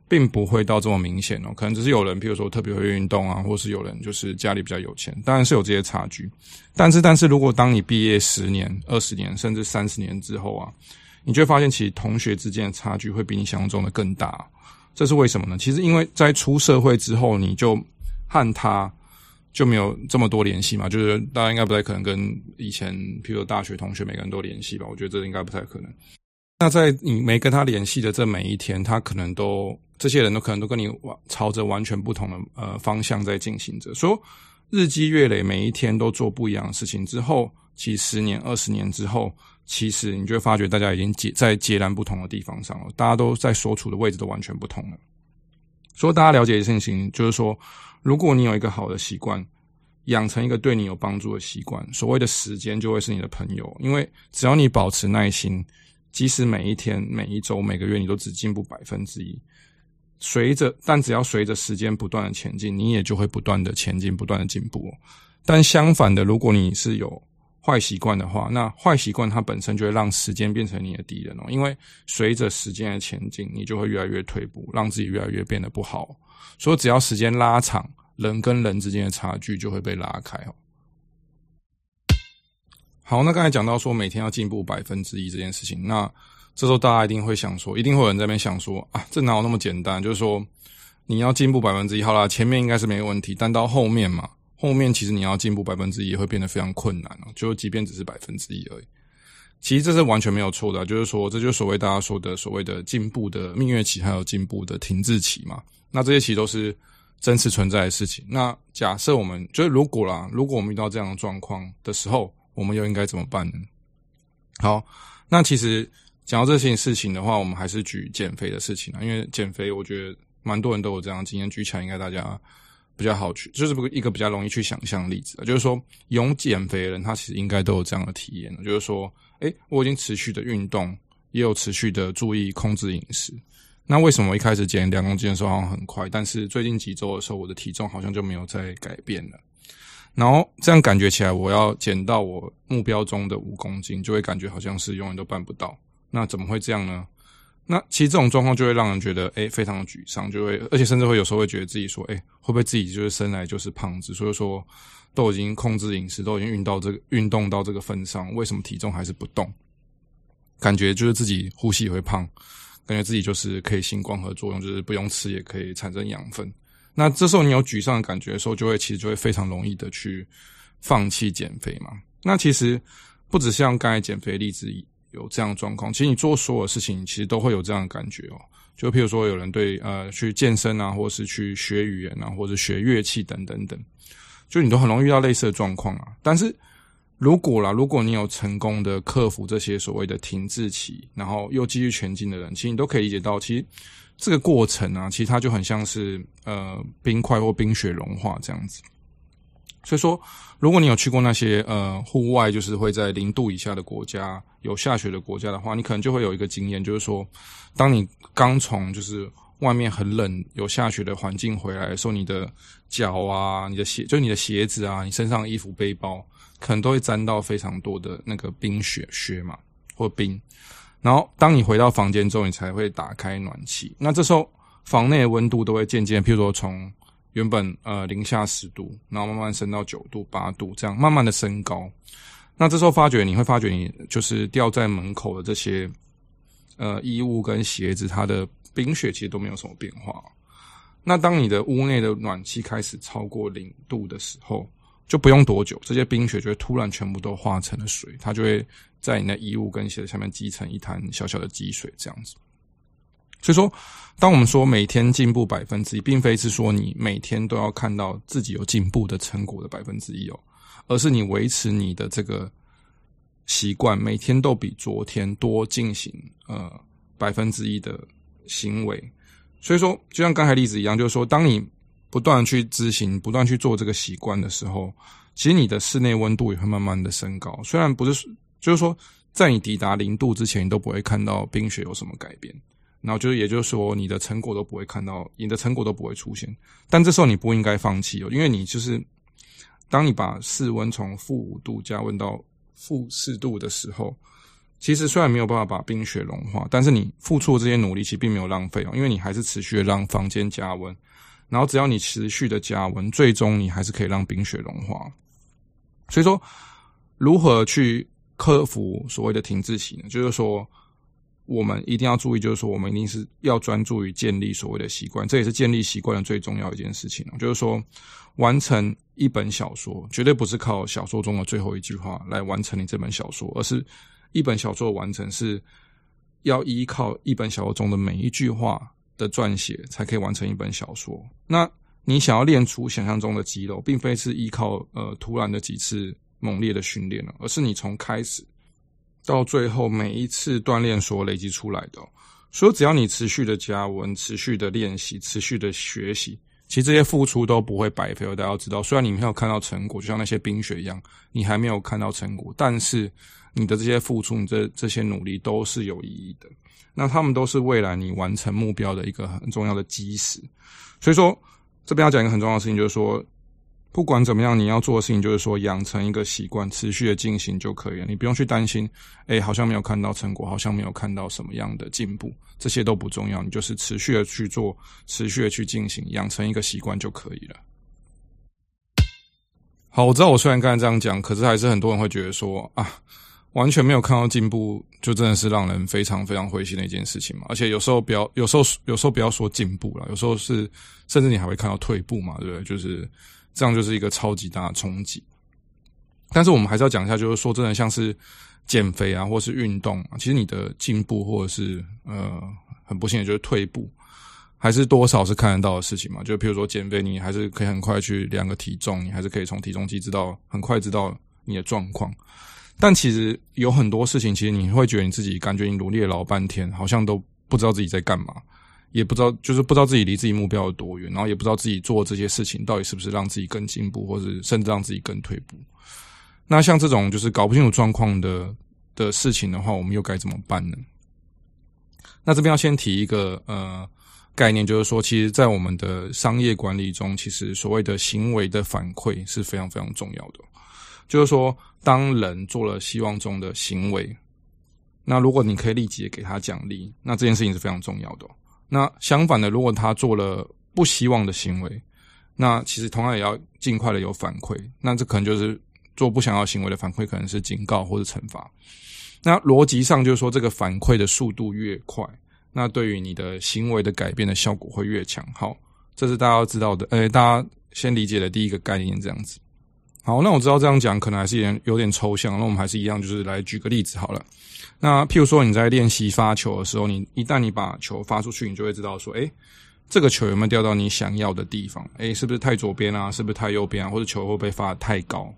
並不會到這麼明顯哦，可能只是有人，譬如說特別會運動啊，或是有人就是家裡比較有錢，當然是有這些差距。但是，但是如果當你畢業十年、二十年，甚至三十年之後啊，你就會發現，其實同學之間的差距會比你想象中的更大。這是為什麼呢？其實因為在出社會之後，你就和他就沒有這麼多聯繫嘛，就是大家應該不太可能跟以前，譬如說大學同學，每個人都聯繫吧。我覺得這應該不太可能。那在你沒跟他聯繫的這每一天，他可能都這些人都可能都跟你往朝着完全不同的呃方向在進行着。說日積月累，每一天都做不一樣的事情之後，其實十年、二十年之後，其實你就會發覺大家已經在截然不同的地方上了。大家都在所處的位置都完全不同了。所以大家了解一件事情，就是說，如果你有一個好的習慣，養成一個對你有幫助的習慣，所謂的時間就會是你的朋友，因為只要你保持耐心。即使每一天、每一周、每個月，你都只進步百分之一，隨着，但只要隨着時間不斷的前進，你也就會不斷的前進、不斷的進步哦。但相反的，如果你是有壞習慣的話，那壞習慣它本身就會讓時間變成你的敵人哦。因為隨着時間的前進，你就會越來越退步，讓自己越來越變得不好哦。所以，只要時間拉長，人跟人之間的差距就會被拉開哦。好，那剛才講到說每天要進步百分之一這件事情，那這時候大家一定會想說，一定會有人在那邊想說啊，這哪有那麼簡單？就是說你要進步百分之一，好啦，前面應該是沒有問題，但到後面嘛，後面其實你要進步百分之一也會變得非常困難哦，就即便只是百分之一而已。其實這是完全沒有錯的啊，就是說這就是所謂大家說的所謂的進步的蜜月期，還有進步的停滯期嘛。那這些其實都是真實存在的事情。那假設我們就是如果啦，如果我們遇到這樣的狀況的時候。我們又應該怎麼辦呢？好，那其實講到這些事情的話，我們還是舉減肥的事情啊，因為減肥我覺得蠻多人都有這樣的經驗，今天，舉起來應該大家比較好舉，就是不一個比較容易去想象例子。就是說，有減肥的人他其實應該都有這樣的體驗，就是說，哎，我已經持續的運動，也有持續的注意控制飲食，那為什麼我一開始減兩公斤的時候好像很快，但是最近幾週的時候我的體重好像就沒有再改變了？然後這樣感覺起來，我要減到我目標中的五公斤，就會感覺好像是永遠都辦不到。那怎麼會這樣呢？那其實這種狀況就會讓人覺得，哎、欸，非常的沮喪。就會，而且甚至會有時候會覺得自己說，哎、欸，會不會自己就是生來就是胖子？所以說，都已經控制飲食，都已經運到這個運動到這個份上，為什麼體重還是不動？感覺就是自己呼吸也會胖，感覺自己就是可以行光合作用，就是不用吃也可以產生養分。那這時候你有沮喪的感覺的時候，就會其實就會非常容易的去放棄減肥嘛。那其實不只像剛才減肥的例子有這樣的狀況，其實你做所有事情其實都會有這樣的感覺哦。就譬如說有人對呃去健身啊，或是去學語言啊，或者學樂器等等等，就你都很容易遇到類似的狀況啊。但是如果啦，如果你有成功的克服這些所謂的停滯期，然後又繼續前進的人，其實你都可以理解到，其實。這個過程啊，其實它就很像是呃冰塊或冰雪融化這樣子。所以說，如果你有去過那些呃戶外，就是會在零度以下的國家有下雪的國家的話，你可能就會有一個經驗，就是說，當你剛從就是外面很冷有下雪的環境回來的時候，你的腳啊、你的鞋，就你的鞋子啊、你身上的衣服、背包，可能都會沾到非常多的那個冰雪雪嘛或冰，然後，當你回到房間之後，你才會打開暖氣。那這時候，房內的溫度都會漸漸，譬如說從原本呃零下十度，然後慢慢升到九度、八度這樣，慢慢的升高。那這時候發覺，你會發覺你就是掉在門口的這些呃衣物跟鞋子，它的冰雪其實都沒有什麼變化。那當你的屋內的暖氣開始超過零度的時候，就不用多久，這些冰雪就會突然全部都化成了水，它就會。在你的衣物跟鞋下面積成一灘小小的積水，這樣子。所以說，當我們說每天進步百分之一，並非是說你每天都要看到自己有進步的成果的百分之一哦，而是你維持你的這個習慣，每天都比昨天多進行呃百分之一的行為。所以說，就像剛才例子一樣，就是說，當你不斷去執行、不斷去做這個習慣的時候，其實你的室內溫度也會慢慢的升高，雖然不是。就是說，在你抵達零度之前，你都不會看到冰雪有什麼改變。然後就是，也就是說，你的成果都不會看到，你的成果都不會出現。但這時候你不應該放棄哦，因為你就是，當你把室溫從負五度加溫到負四度的時候，其實雖然沒有辦法把冰雪融化，但是你付出的這些努力其實並沒有浪費哦，因為你還是持續的讓房間加溫。然後只要你持續的加溫，最終你還是可以讓冰雪融化。所以說，如何去？克服所謂的停滯期呢，就是說，我們一定要注意，就是說，我們一定是要專注於建立所謂的習慣，這也是建立習慣的最重要一件事情，就是說，完成一本小說，絕對不是靠小說中的最後一句話來完成你這本小說，而是一本小說的完成是要依靠一本小說中的每一句話的撰寫才可以完成一本小說。那你想要練出想象中的肌肉，並非是依靠，呃，突然的幾次。猛烈的訓練了，而是你從開始到最後每一次鍛鍊所累積出來的。所以只要你持續的加溫、持續的練習、持續的學習，其實這些付出都不會白費。大家要知道，雖然你沒有看到成果，就像那些冰雪一樣，你還沒有看到成果，但是你的這些付出、你這這些努力都是有意義的。那他們都是未來你完成目標的一個很重要的基石。所以說，這邊要講一個很重要的事情，就是說。不管怎麼樣，你要做的事情就是說，養成一個習慣，持續的進行就可以了。你不用去擔心，欸，好像沒有看到成果，好像沒有看到什麼樣的進步，這些都不重要。你就是持續的去做，持續的去進行，養成一個習慣就可以了。好，我知道我雖然剛才這樣講，可是還是很多人會覺得說，啊，完全沒有看到進步，就真的是讓人非常非常灰心的一件事情嘛。而且有時候不要，有時候有時候不要說進步了，有時候是甚至你還會看到退步嘛，對不對？就是。這樣就是一個超級大的衝擊，但是我們還是要講一下，就是說真的，像是減肥啊，或是運動啊，其實你的進步或者是呃很不幸的就是退步，還是多少是看得到的事情嘛。就比如說減肥，你還是可以很快去量個體重，你還是可以從體重計知道很快知道你的狀況。但其實有很多事情，其實你會覺得你自己感覺你努力了老半天，好像都不知道自己在幹嘛。也不知道，就是不知道自己離自己目標有多遠，然後也不知道自己做這些事情到底是不是讓自己更進步，或者甚至讓自己更退步。那像這種就是搞不清楚狀況的的事情的話，我們又該怎麼辦呢？那這邊要先提一個呃概念，就是說，其實，在我們的商業管理中，其實所謂的行為的反饋是非常非常重要的。就是說，當人做了希望中的行為，那如果你可以立即給他獎勵，那這件事情是非常重要的。那相反的，如果他做了不希望的行為，那其實同樣也要儘快的有反饋。那這可能就是做不想要行為的反饋，可能是警告或者懲罰。那邏輯上就是說，這個反饋的速度越快，那對於你的行為的改變的效果會越強。好，這是大家要知道的。哎、欸，大家先理解的第一個概念這樣子。好，那我知道這樣講可能還是有點抽象。那我們還是一樣，就是來舉個例子好了。那譬如說你在練習發球的時候，你一旦你把球發出去，你就會知道說，哎、欸，這個球有沒有掉到你想要的地方？哎、欸，是不是太左邊啊？是不是太右邊啊？或者球會不會發得太高？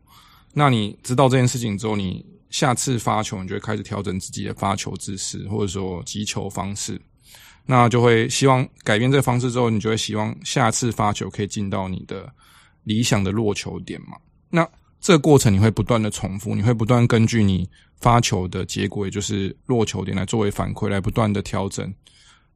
那你知道這件事情之後，你下次發球，你就會開始調整自己的發球姿勢，或者說擊球方式。那就會希望改變這個方式之後，你就會希望下次發球可以進到你的理想的落球點嘛。那。這個過程你會不斷的重複，你會不斷根據你發球的結果，也就是落球點來作為反饋，來不斷的調整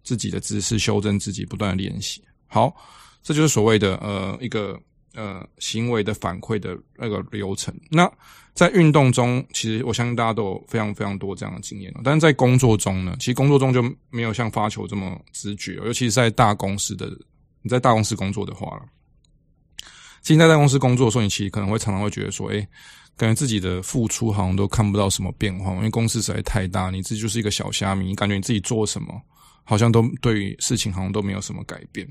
自己的姿勢，修正自己，不斷的練習。好，這就是所謂的呃一個呃行為的反饋的那個流程。那在運動中，其實我相信大家都有非常非常多這樣的經驗，但是在工作中呢，其實工作中就沒有像發球這麼直覺，尤其是在大公司的，你在大公司工作的話。現在在公司工作的時候，你其實可能會常常會覺得說，哎，感覺自己的付出好像都看不到什麼變化，因為公司實在太大，你自己就是一個小蝦米，你感覺你自己做什麼好像都對於事情好像都沒有什麼改變。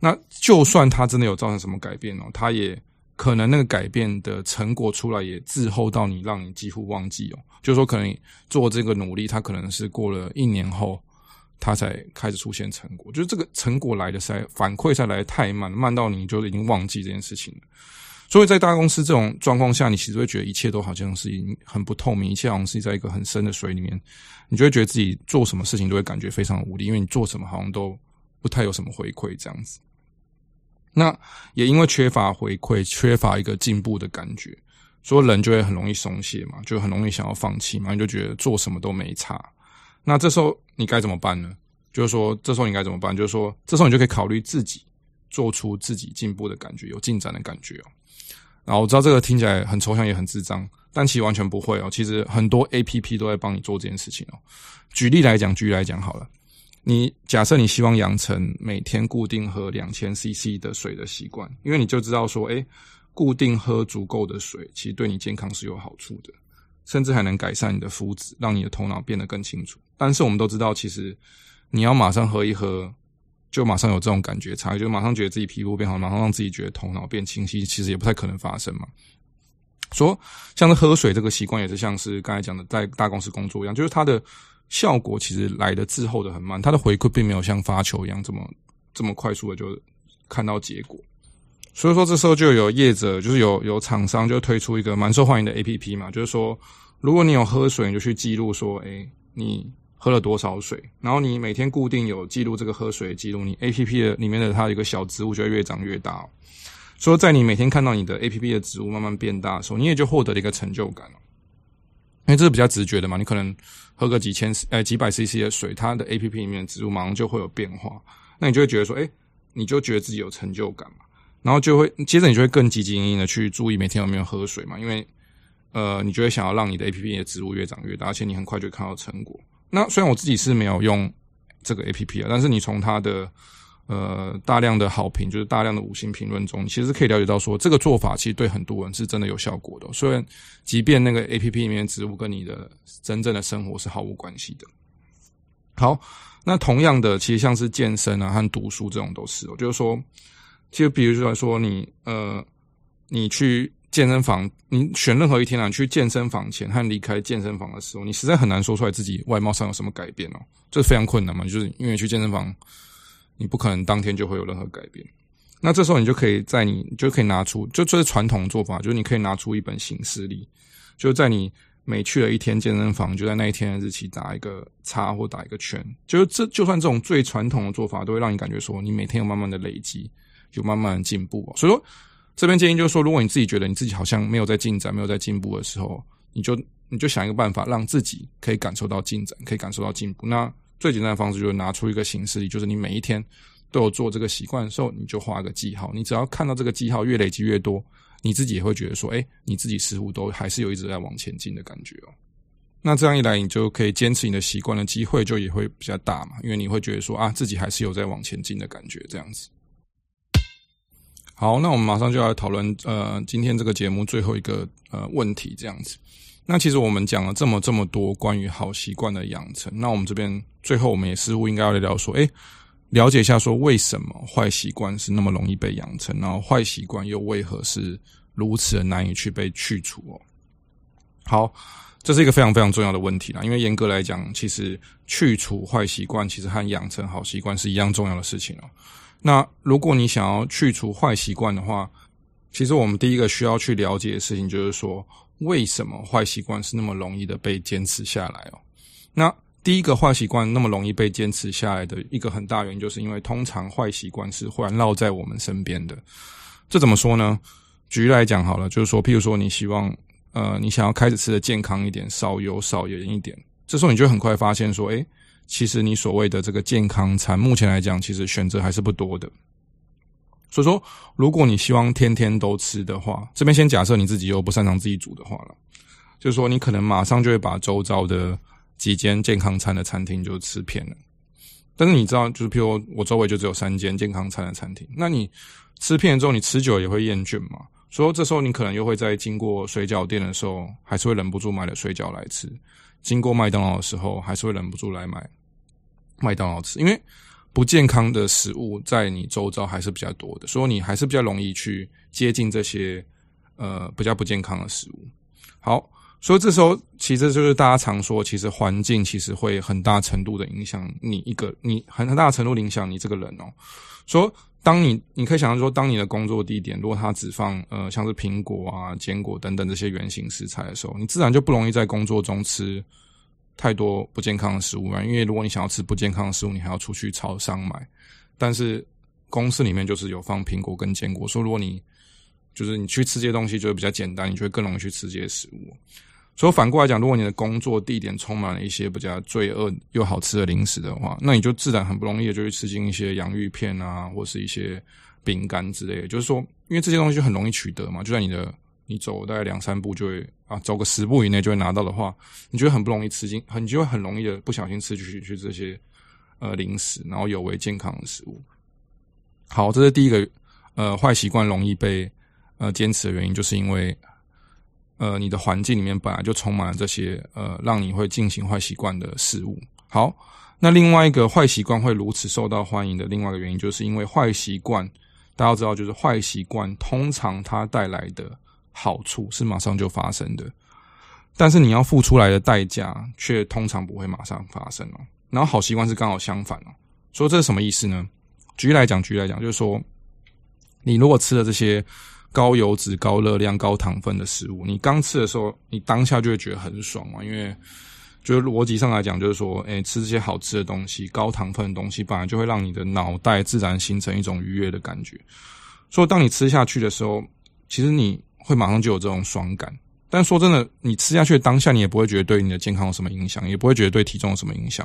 那就算他真的有造成什麼改變哦，他也可能那個改變的成果出來也滯後到你，讓你幾乎忘記哦。就是說可能做這個努力，他可能是過了一年後，他才開始出現成果，就是這個成果來的太反饋下來得太慢，慢到你就已經忘記這件事情了。所以在大公司這種狀況下，你其實會覺得一切都好像是很不透明，一切好像是在一個很深的水裡面，你就會覺得自己做什麼事情都會感覺非常的無力，因為你做什麼好像都不太有什麼回饋這樣子。那也因為缺乏回饋，缺乏一個進步的感覺，所以人就會很容易鬆懈嘛，就很容易想要放棄嘛，你就覺得做什麼都沒差。那這時候你該怎麼辦呢？就是說，這時候你該怎麼辦？就是說，這時候你就可以考慮自己做出自己進步的感覺，有進展的感覺喔。然後我知道這個聽起來很抽象，也很智障，但其實完全不會喔。其實很多 APP 都在幫你做這件事情喔。舉例來講，舉例來講好了，你假設你希望養成每天固定喝兩千 CC 的水的習慣，因為你就知道說，欸，固定喝足夠的水，其實對你健康是有好處的。甚至還能改善你的膚質，讓你的頭腦變得更清楚。但是我們都知道，其實你要馬上喝一喝，就馬上有這種感覺，差，就馬上覺得自己皮膚變好，馬上讓自己覺得頭腦變清晰，其實也不太可能發生嘛。說像是喝水這個習慣，也是像是剛才講的在大公司工作一樣，就是它的效果其實來的滯後的很慢，它的回饋並沒有像發球一樣這麼這麼快速的就看到結果。所以說，這時候就有業者，就是有有廠商就推出一個蠻受歡迎的 A P P 嘛，就是說，如果你有喝水，你就去記錄說，哎，你喝了多少水，然後你每天固定有記錄這個喝水的記錄，你 A P P 的裡面的它有一個小植物就會越長越大，哦。所以說在你每天看到你的 A P P 的植物慢慢變大的時候，你也就獲得了一個成就感了，哦，因為這是比較直覺的嘛，你可能喝個幾千呃幾百 C C 的水，它的 A P P 裡面的植物馬上就會有變化，那你就會覺得說，哎，你就覺得自己有成就感嘛。然後就會，接着你就會更積極積極的去注意每天有沒有喝水嘛，因為呃，你就會想要讓你的 A P P 的植物越長越大，而且你很快就會看到成果。那雖然我自己是沒有用這個 A P P 啊，但是你從它的呃大量的好評，就是大量的五星評論中，你其實可以了解到說，這個做法其實對很多人是真的有效果的。雖然即便那個 A P P 裡面的植物跟你的真正的生活是毫無關係的。好，那同樣的，其實像是健身啊和讀書這種都是、哦，就是說。就比如說，說你呃，你去健身房，你選任何一天啊，你去健身房前和離開健身房的時候，你實在很難說出來自己外貌上有什麼改變哦，這是非常困難嘛，就是因為去健身房，你不可能當天就會有任何改變。那這時候你就可以在你，你就可以拿出，就這是傳統的做法，就是你可以拿出一本行事曆，就在你每去了一天健身房，就在那一天的日期打一個叉或打一個圈，就這就算這種最傳統的做法，都會讓你感覺說你每天有慢慢的累積。就慢慢的進步，所以說這邊建議就是說，如果你自己覺得你自己好像沒有在進展、沒有在進步的時候，你就你就想一個辦法，讓自己可以感受到進展，可以感受到進步。那最簡單的方式就是拿出一個形式，就是你每一天都有做這個習慣的時候，你就畫個記號。你只要看到這個記號越累積越多，你自己也會覺得說，哎，你自己似乎都還是有一直在往前進的感覺哦。那這樣一來，你就可以堅持你的習慣的機會就也會比較大嘛，因為你會覺得說啊，自己還是有在往前進的感覺，這樣子。好，那我們馬上就要來討論，呃，今天這個節目最後一個呃問題這樣子。那其實我們講了這麼這麼多關於好習慣的養成，那我們這邊最後我們也似乎應該要來聊說，誒，了解一下說為什麼壞習慣是那麼容易被養成，然後壞習慣又為何是如此的難以去被去除哦。好，這是一個非常非常重要的問題啦，因為嚴格來講，其實去除壞習慣其實和養成好習慣是一樣重要的事情哦。那如果你想要去除壞習慣的話，其實我們第一個需要去了解的事情就是說，為什麼壞習慣是那麼容易的被堅持下來哦？那第一個壞習慣那麼容易被堅持下來的一個很大原因，就是因為通常壞習慣是環繞在我們身邊的。這怎麼說呢？舉例來講好了，就是說，譬如說你希望，呃，你想要開始吃得健康一點，少油少鹽一點，這時候你就很快發現說，誒、欸。其實你所謂的這個健康餐，目前來講，其實選擇還是不多的。所以說，如果你希望天天都吃的話，這邊先假設你自己又不擅長自己煮的話了，就是說你可能馬上就會把周遭的幾間健康餐的餐廳就吃遍了。但是你知道，就是譬如我周圍就只有三間健康餐的餐廳，那你吃遍了之後，你吃久也會厭倦嘛？所以，這時候你可能又會在經過水餃店的時候，還是會忍不住買了水餃來吃；經過麥當勞的時候，還是會忍不住來買麥當勞吃。因為不健康的食物在你周遭還是比較多的，所以你還是比較容易去接近這些呃比較不健康的食物。好，所以這時候其實就是大家常說，其實環境其實會很大程度的影響你一個你很大的程度的影響你這個人哦。所以。當你，你可以想象說，當你的工作地點如果它只放呃，像是蘋果啊、堅果等等這些原型食材的時候，你自然就不容易在工作中吃太多不健康的食物嘛。因為如果你想要吃不健康的食物，你還要出去超商買。但是公司裡面就是有放蘋果跟堅果，所以如果你就是你去吃這些東西，就會比較簡單，你就會更容易去吃這些食物。所以反過來講，如果你的工作地點充滿了一些比較罪惡又好吃的零食的話，那你就自然很不容易的就去吃進一些洋芋片啊，或是一些餅乾之類的。就是說，因為這些東西就很容易取得嘛，就在你的你走大概兩三步就會啊，走個十步以內就會拿到的話，你就很不容易吃進，很就會很容易的不小心吃進去，去，去這些呃零食、然後有違健康的食物。好，這是第一個呃壞習慣容易被呃堅持的原因，就是因為。呃，你的環境裡面本來就充滿了這些呃，讓你會進行壞習慣的事物。好，那另外一個壞習慣會如此受到歡迎的另外一個原因，就是因為壞習慣，大家知道，就是壞習慣通常它帶來的好處是馬上就發生的，但是你要付出來的代價卻通常不會馬上發生哦。然後好習慣是剛好相反哦。所以這是什麼意思呢？舉例來講，舉例來講，就是說你如果吃了這些。高油脂、高熱量、高糖分的食物，你剛吃的時候，你當下就會覺得很爽嘛，因為就是邏輯上來講，就是說，哎、欸，吃這些好吃的東西，高糖分的東西，本來就會讓你的腦袋自然形成一種愉悅的感覺。所以，當你吃下去的時候，其實你會馬上就有這種爽感。但說真的，你吃下去的當下，你也不會覺得對你的健康有什麼影響，也不會覺得對體重有什麼影響。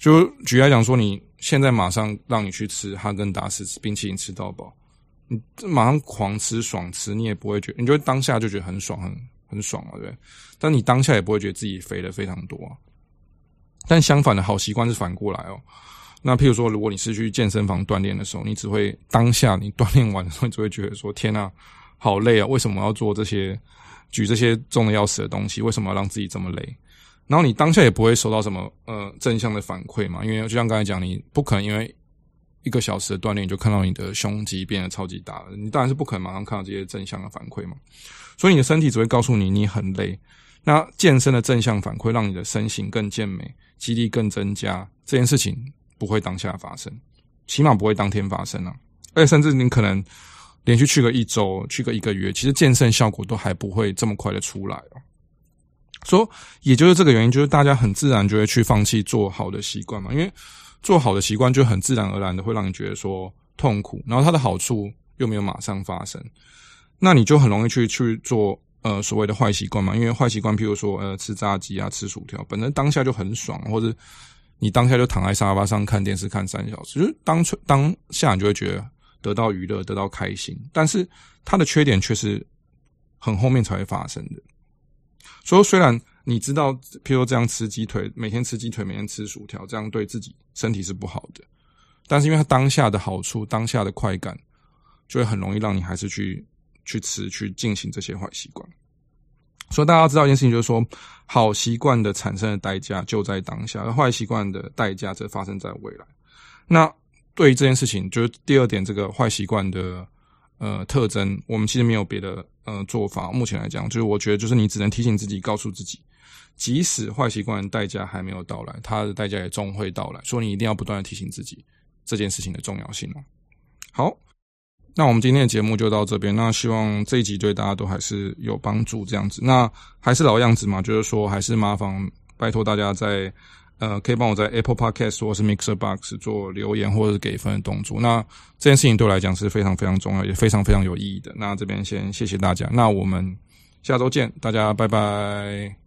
就舉例來講，說你現在馬上讓你去吃哈根達斯、斯、吃冰淇淋、吃到飽。你馬上狂吃爽吃，你也不會覺，你就會當下就覺得很爽，很很爽了啊，對不對？但你當下也不會覺得自己肥了非常多啊。但相反的好習慣是反過來哦。那譬如說，如果你是去健身房鍛鍊的時候，你只會當下你鍛鍊完的時候，你就會覺得說：“天啊，好累啊！為什麼要做這些舉這些重的要死的東西？為什麼要讓自己這麼累？”然後你當下也不會收到什麼呃正向的反饋嘛？因為就像剛才講，你不可能因為。一個小時的鍛鍊，你就看到你的胸肌變得超級大了。你當然是不可能馬上看到這些正向的反饋嘛，所以你的身體只會告訴你，你很累。那健身的正向反饋，讓你的身形更健美，肌力更增加，這件事情不會當下發生，起碼不會當天發生啊。而且甚至你可能連續去個一周，去個一個月，其實健身效果都還不會這麼快的出來哦。所以也就是這個原因，就是大家很自然就會去放棄做好的習慣嘛，因為。做好的習慣就很自然而然的會讓你覺得說痛苦，然後它的好處又沒有馬上發生，那你就很容易去去做呃所謂的壞習慣嘛。因為壞習慣，譬如說呃吃炸雞啊、吃薯條，本身當下就很爽，或者你當下就躺在沙發上看電視看三小時，就是當當下你就會覺得得到娛樂、得到開心，但是它的缺點卻是很後面才會發生的。所以說雖然你知道，譬如說，這樣吃雞腿，每天吃雞腿，每天吃薯條，這樣對自己身體是不好的。但是，因為它當下的好處、當下的快感，就會很容易讓你還是去去吃、去進行這些壞習慣。所以，大家要知道一件事情，就是說，好習慣的產生的代價就在當下，而壞習慣的代價則發生在未來。那對於這件事情，就是第二點，這個壞習慣的呃特徵，我們其實沒有別的呃做法。目前來講，就是我覺得，就是你只能提醒自己，告訴自己。即使壞習慣的代價還沒有到來，它的代價也終會到來。所以你一定要不斷的提醒自己這件事情的重要性哦。好，那我們今天的節目就到這邊。那希望這一集對大家都還是有幫助。這樣子，那還是老樣子嘛，就是說還是麻煩拜託大家在呃，可以幫我在 Apple Podcast 或者是 Mixer Box 做留言或者是給分的動作。那這件事情對我來講是非常非常重要，也非常非常有意義的。那這邊先謝謝大家。那我們下週見，大家拜拜。